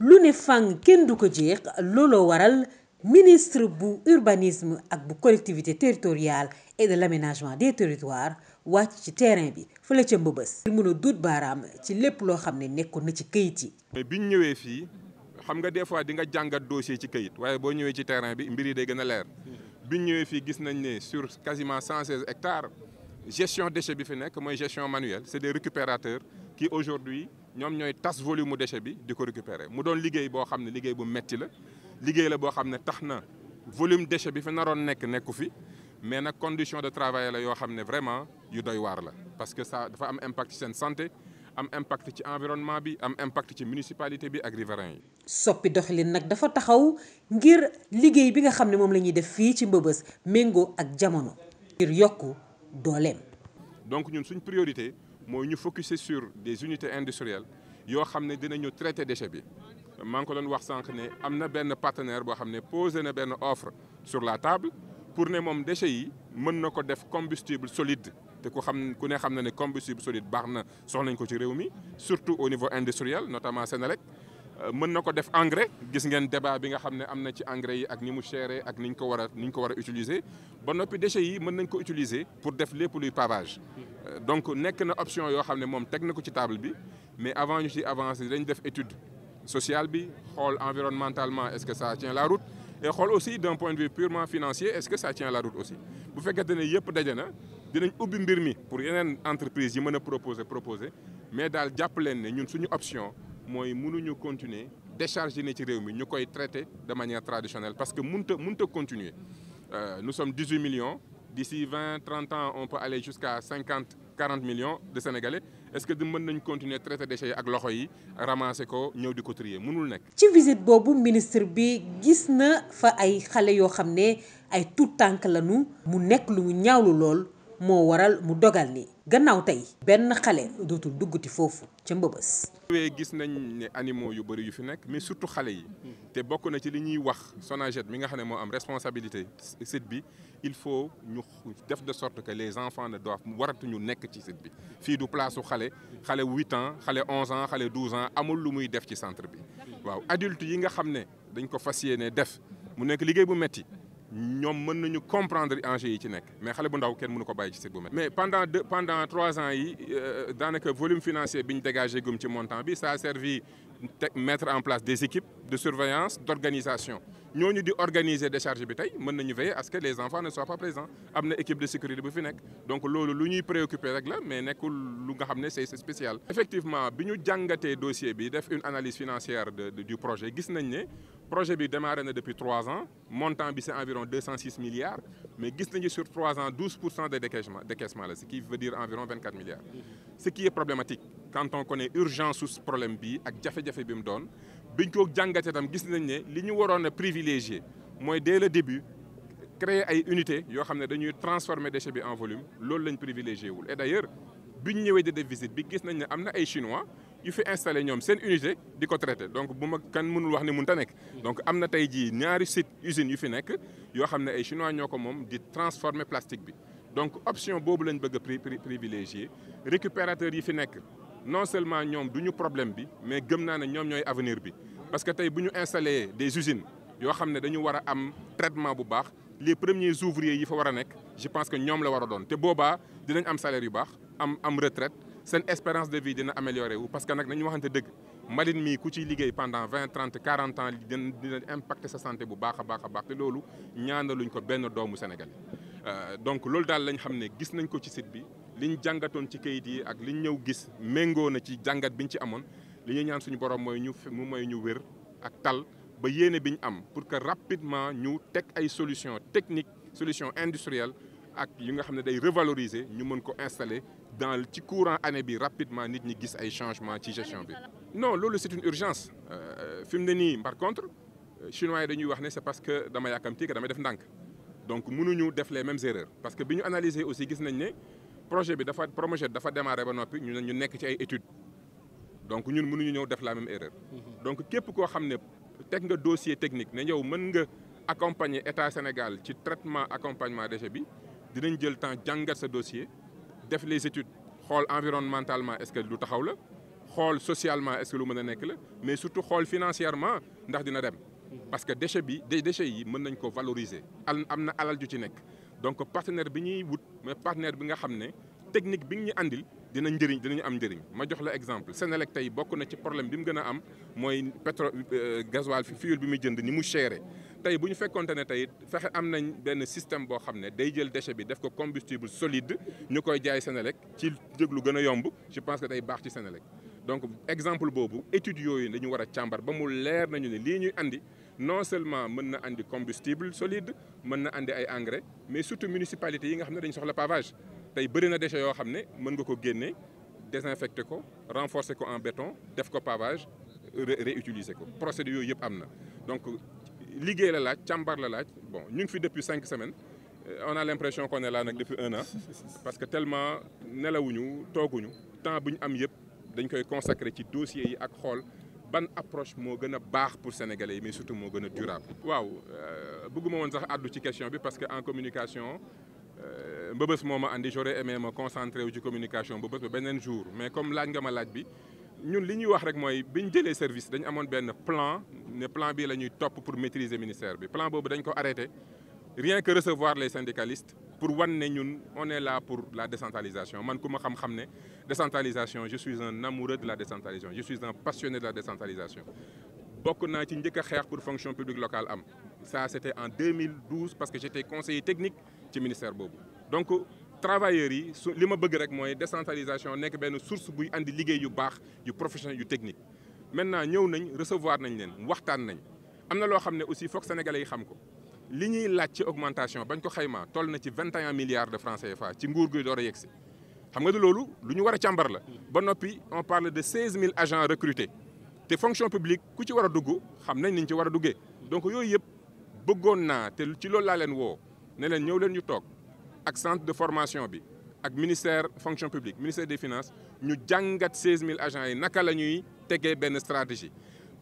lu ne fang kenn du ko jeex looloo waral ministre bu urbanisme ak bu collectivité territoriale et de l'aménagement des territoires wàcc ci terrain bi fële ca mbëbës di mën a duut baaraam ci lépp loo xam ne nekkoon na ci kayit yi mais biñ ñëwee fii xam nga des fois di nga jàngat dossier ci kayit waaye boo ñëwee ci terrain bi mbir yi day gën a leer biñ ñëwee fii gis nañ ne sur quasiment cent gestion déchet bi fi nekk mooy gestion manuelle c'est des récupérateurs qui aujourd'hui ñoom ñooy tas volume mu déchet bi di ko récupérer mu doon liggéey boo xam ne liggéey bu metti la liggéey la boo xam ne tax na volume déchet bi fi naroon nekk nekku fi mais nag condition de travail la yoo xam ne vraiment yu doy waar la parce que ça dafa am impact seen santé am impact ci environnement bi am impact ci municipalité bi ak riverain yi. soppi doxalin nag dafa taxaw ngir liggéey bi nga xam ne moom la ñuy def fii ci mbëbës méngoo ak jamono ngir yokku. dooleem. donc ñun suñ priorité mooy ñu focuser sur des unités industrielles yoo xam ne dinañu traiter déchet bi maa ngi ko doon wax sànq ne am na benn partenaire boo xam ne posé na benn offre sur la table pour ne moom déchets yi mën na ko def combustible solide. te ku xam ku ne xam na ne combustible solide baax na soxla nañ ko ci réew mi surtout au niveau industriel notamment Senelec Euh, mën na ko def engrais gis ngeen débat bi nga xam ne am na ci engrais yi ak ni mu chéré ak ni ñu ko war a ni ñu ko war a utiliser ba noppi déchets yi mën nañ ko utiliser pour def lépp luy pavage euh, donc nekk na option yoo xam ne moom teg na ko ci table bi mais avant ñu ci avance dañ def étude social bi xool environnementalement est-ce que ça tient la route et xool aussi d'un point de vue purement financier est-ce que ça tient la route aussi bu fekkente ne yëpp daje na dinañ ubbi mbir mi pour yeneen entreprise yi mën a proposer proposer mais daal jàpp leen ne ñun suñu option mooy mënuñu continuer décharger ne ci réew mi ñu koy traité de manière traditionnelle parce que mënta mënta continuer euh, nous sommes 18 millions d'ici 20 30 ans on peut aller jusqu'à cinquante 40 millions de sénégalais est-ce que di mën nañ continuer traiter déchets yi ak loxo yi ramasser ko ñëw di ko trier mënul nekk. ci visite boobu ministre bi gis na fa ay xale yoo xam ne ay tout tànk lañu mu nekk lu mu ñaawlu lool moo waral mu dogal ni gannaaw tey benn xale dootul duggati foofu ca mbëbës. ñëwee gis nañ ne animaux yu bëri yu fi nekk mais surtout xale yi te bokk na ci li ñuy wax Sonaged mi nga xam ne moo am responsabilité site bi il faut ñu def de sorte que les enfants ne doivent ñu nekk ci site bi fii du place xale xale huit ans xale onze ans xale douze ans amul lu muy def ci centre bi waaw adulte yi nga xam ne dañ ko fas yéene def mu nekk liggéey bu metti ñoom mën nañu comprendre enjeux yi ci nekk mais xale bu ndaw kenn mënu ko bàyyi ci site bu mel. mais pendant deux pendant trois ans yi euh, daanaka volume financier bi ñu dégagé gum ci montant bi ça a servi metre en place des équipes de surveillance d' ñoo ñu di organiser décharge bi tey mën nañu veiller à que les enfants ne soient pas présents am na équipe de sécurité bu fi nekk donc loolu lu ñuy préoccuper rek la mais nekkul lu nga xam ne c'est spécial. effectivement bi ñu jàngatee dossier bi def une analyse financière de projet gis nañ ne. projet bi démarré na depuis trois ans montant bi c'est environ deux cent six milliards mais gis nañu sur trois ans douze pour cent de décaissement décaissement la ce milliards. ce qui est problématique quand on connaît urgence su problème bi ak jafe-jafe bi mu doon biñ ko jàngatee itam gis nañ ne li ñu waroon a privilégié mooy dès le début. créer ay unité yoo xam ne dañuy transformer déchet bi en volume loolu lañ privilégié wul et d'ailleurs ñu ñëwee di def visite bi gis nañ ne am na ay chinois. yu fi installé ñoom seen unité di ko traité donc bu ma kan mënul wax ne mënta nekk. donc am na tey jii ñaari site usines yu fi nekk yoo xam ne ay chinois ñoo ko moom di transformer plastique bi. donc option boobu lañ bëgg a privilégier récupérateur yi fi nekk non seulement ñoom du ñu problème bi mais gëm naa ne ñoom ñooy avenir bi parce que tey bu ñu installé des usines yoo xam ne dañu war a am traitement bu baax les premiers ouvriers yi fa war a nekk je pense que ñoom la war a doon te boobaa dinañ am salaire yu baax am am retraite seen espérance de vie dina améliorer wu parce que nag nañu waxante dëgg mbalit mii ku ci liggéey pendant vingt trente quarante ans dina dina impacter sa santé bu baax a baax a baax te loolu ñaanaluñ ko benn doomu Sénégal euh, donc loolu daal lañ xam ne gis nañ ko ci sit bi liñ jàngatoon ci kayit yi ak liñ ñëw gis méngoo na ci jàngat biñ ci amoon liñu ñaan suñu borom mooy ñu mu mooy ñu wér ak tal ba yéene biñ am pour que rapidement ñu teg ay solution technique solution industrielle ak yi nga xam ne day revaloriser ñu mën ko installer dans ci courant année bi rapidement nit ñi gis ay changement ci gestion bi. non loolu c'est une urgence euh, fi mu ne nii par contre euh, chinois yi dañuy wax ne c'est parce que dama yàkkamti que damay def ndànk donc mënuñu def les mêmes erreurs parce que bi ñu analyser aussi gis nañ ne projet bi dafa projet dafa démarrer ba noppi ñu ñu nekk ci ay études donc ñun mënuñu ñëw def la même erreur. Mm-hmm. donc képp koo xam ne teg nga dossier technique ne yow mën nga accompagner état Sénégal ci traitement accompagnement déchets bi. dinañ jël temps jàngat sa dossier def les études xool environnementalement est-ce lu taxaw la xool socialement est lu mën a nekk la mais surtout xool financièrement ndax dina dem. parce que déchet bi déchets yi mën nañ ko valoriser. al am na alal ju ci nekk donc partenaire bi ñuy wut mais partenaire bi nga xam ne technique bi ñu andil dina njëriñ dinañu am njëriñ ma jox la exemple Senelec tey bokk na ci problème bi mu gën a am mooy pétrole euh, gasoil fuel bi muy jënd ni mu chéré. tey bu ñu fekkonte ne tey fexe am nañ benn système boo xam ne day jël déchet bi def ko combustible solide ñu koy jaay Senelec ci njëg lu gën a yomb je pense que day baax ci Senelec donc exemple boobu étude yooyu dañu war a càmbar ba mu leer nañu ne lii ñuy indi non seulement mën na andi combustible solide mën na andi ay engrais mais surtout municipalité yi nga xam ne dañ soxla pavage tey bëri na déchets yoo xam ne mën nga ko génne désinfecter ko renforcer ko en béton def ko pavage réutiliser ko procédure yooyu yëpp am na liggéey la laaj càmbar la laaj bon ñu ngi fi depuis cinq semaines euh, on a l'impression ko est là nag depuis un an parce que tellement nelawuñu tooguñu temps bu am yëpp dañ koy consacrer ci dossiers yi ak xool ban approche moo gën a baax pour sénégalais yi mais surtout moo gën a durable. waaw euh, bëgguma woon sax àddu ci question bi parce que en communication euh, mbëbës moo ma andi j'aurais aimé ma concentré wu ci communication mbëbës ba beneen jour mais comme laaj nga ma laaj bi. ñun li ñuy wax rek mooy bi ñu jëlee service dañu amoon benn plan ne plan bii la ñuy topp pour maîtriser ministère bi plan boobu dañ ko arrêté rien que recevoir les syndicalistes pour wan ne ñun on est là pour la décentralisation man ku ma xam-xam ne décentralisation je suis un amoureux de la décentralisation je suis un passionné de la décentralisation bokk na ci njëkk a xeex pour fonction publique locale am ça c'était en 2012 parce que j'étais conseiller technique ci ministère boobu travailleurs yi su li ma bëgg rek mooy décentralisation nekk benn source buy indi liggéey yu baax yu profession yu technique maintenant ñëw nañ recevoir nañ leen waxtaan nañ am na loo xam ne aussi foog sénégalais yi xam ko li ñuy laaj ci augmentation bañ ko xaymaa toll na ci vingt et un milliards de francs CFA ci nguur guy door a yegsi xam nga du loolu lu ñu war a càmbar la ba noppi on parle de seize mille agents recrutés te fonction publique ku ci war a dugg xam nañ niñ ci war a duggee donc yooyu yëpp bëggoon naa te ci loolu laa leen woo ne leen ñëw leen ñu toog ak centre de formation bi ak ministère fonction publique ministère des finances ñu jàngat 16000 agents yi naka la ñuy tegee benn stratégie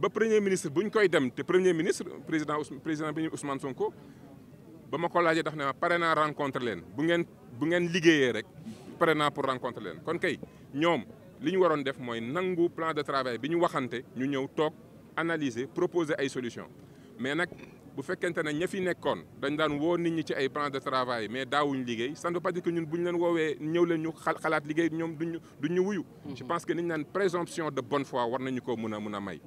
ba premier ministre bu ñu koy dem te premier ministre président président bi ñu Ousmane Sonko ba ma ko laajee tax ne ma pare naa rencontre leen bu ngeen bu ngeen liggéeyee rek pare naa pour rencontre leen kon kay ñoom li ñu waroon def mooy nangu plan de travail bi ñu waxante ñu ñëw toog analyser proposer ay solutions mais nag bu fekkente ne ña fi nekkoon dañ daan woo nit ñi ci ay plan de travail mais daawuñ liggéey ça ne veut pas dire que ñun bu ñu leen woowee ñëw ñu xalaat liggéey ñoom duñu duñ ñu wuyu mhm. je pense que niñ naan présomption de bonne foi war nañu ko mun a mun a may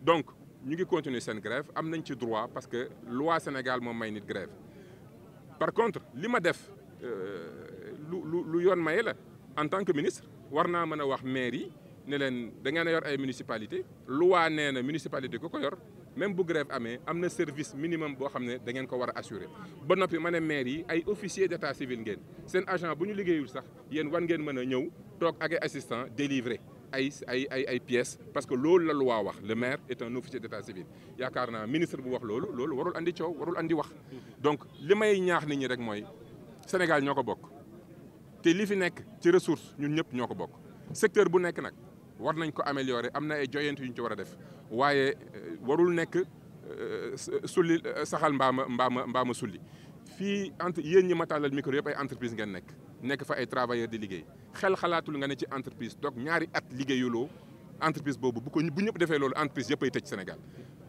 donc ñu ngi continuer seen grève am nañ ci droit parce que loi Sénégal moo may nit grève par contre li ma def euh, lu lu lu yoon maye la en tant que ministre war naa mën a wax maire yi ne leen da ngeen a yor ay municipalité loi nee na municipalité ku ko yor même bu grève amee am na service minimum boo xam ne dangeen ko war a assurer ba noppi ma ne maire yi ay officier d'état civil ngeen seen agent bu ñu liggéeyul sax yéen war ngeen mën a ñëw toog ak ay assistant délivré ay ay ay ay pièces parce que loolu la lu waa wax le maire est un officier d'état civil yaakaar naa ministre bu wax loolu loolu warul andi coow warul andi wax donc li may ñaax nit ñi rek mooy Sénégal ñoo ko bokk te li fi nekk ci ressource ñun ñëpp ñoo ko bokk secteur bu nekk nag war nañ ko améliorer am na ay joyante yu ñu ci war a def waaye euh, warul nekk euh, sulli euh, saxal mbaama mbaama mbaama sulli fii entre yéen ñi ma tàllal micro yëpp ay entreprise ngeen nekk nekk fa ay travailleurs di liggéey xel xalaatul nga ne ci entreprise donc ñaari at liggéeyuloo entreprise boobu bu ko bu ñëpp defee loolu entreprise yëpp ay tëj Sénégal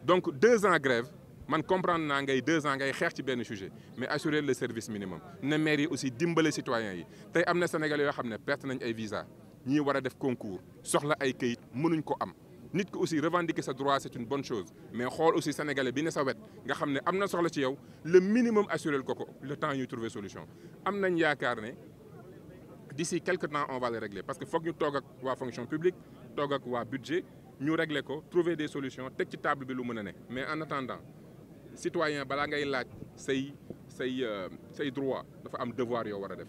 donc deux ans grève man comprendre naa ngay deux ans ngay xeex ci benn sujet mais assurer le service minimum na maire yi aussi dimbale citoyens yi tey am na Sénégalais yoo xam ne perte nañ ay visa ñii war a def concours soxla ay kayit mënuñ ko am nit ko aussi revendiquer sa droit c'est une bonne chose mais xool aussi sénégalais bi ne sa wet nga xam ne am na soxla ci yow le minimum assuré ko ko le temps ñuy trouver solution am nañ yaakaar ne d'ici quelque temps on va le régler parce que foog ñu toog ak waa fonction publique toog ak waa budget ñu régler ko trouver des solutions teg ci table bi lu mën a ne mais en attendant citoyen balaa ngay laaj say say euh, say droit dafa am devoir yoo war a def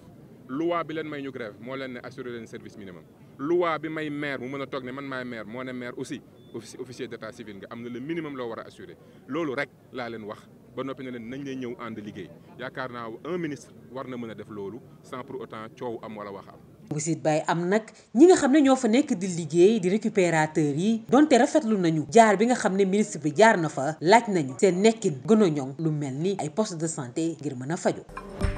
loi bi leen may ñu grève moo leen ne assurer leen service minimum loi bi may maire mu mën a toog ne man maay maire moo ne maire aussi officier d'état civil nga am na le minimum loo war a loolu rek laa leen wax ba noppi ne leen nañ lay ñëw ànd liggéey yaakaar naa un ministre war na mën a def loolu sans pour autant coow am wala wax am. Mboussit Baye am nag ñi nga xam ne ñoo fa nekk di liggéey di récupérateur yi donte rafetlu nañu jaar bi nga xam ne ministre bi jaar na fa laaj nañu seen nekkin gën a ñoŋ lu mel ni ay poste de santé ngir mën a faju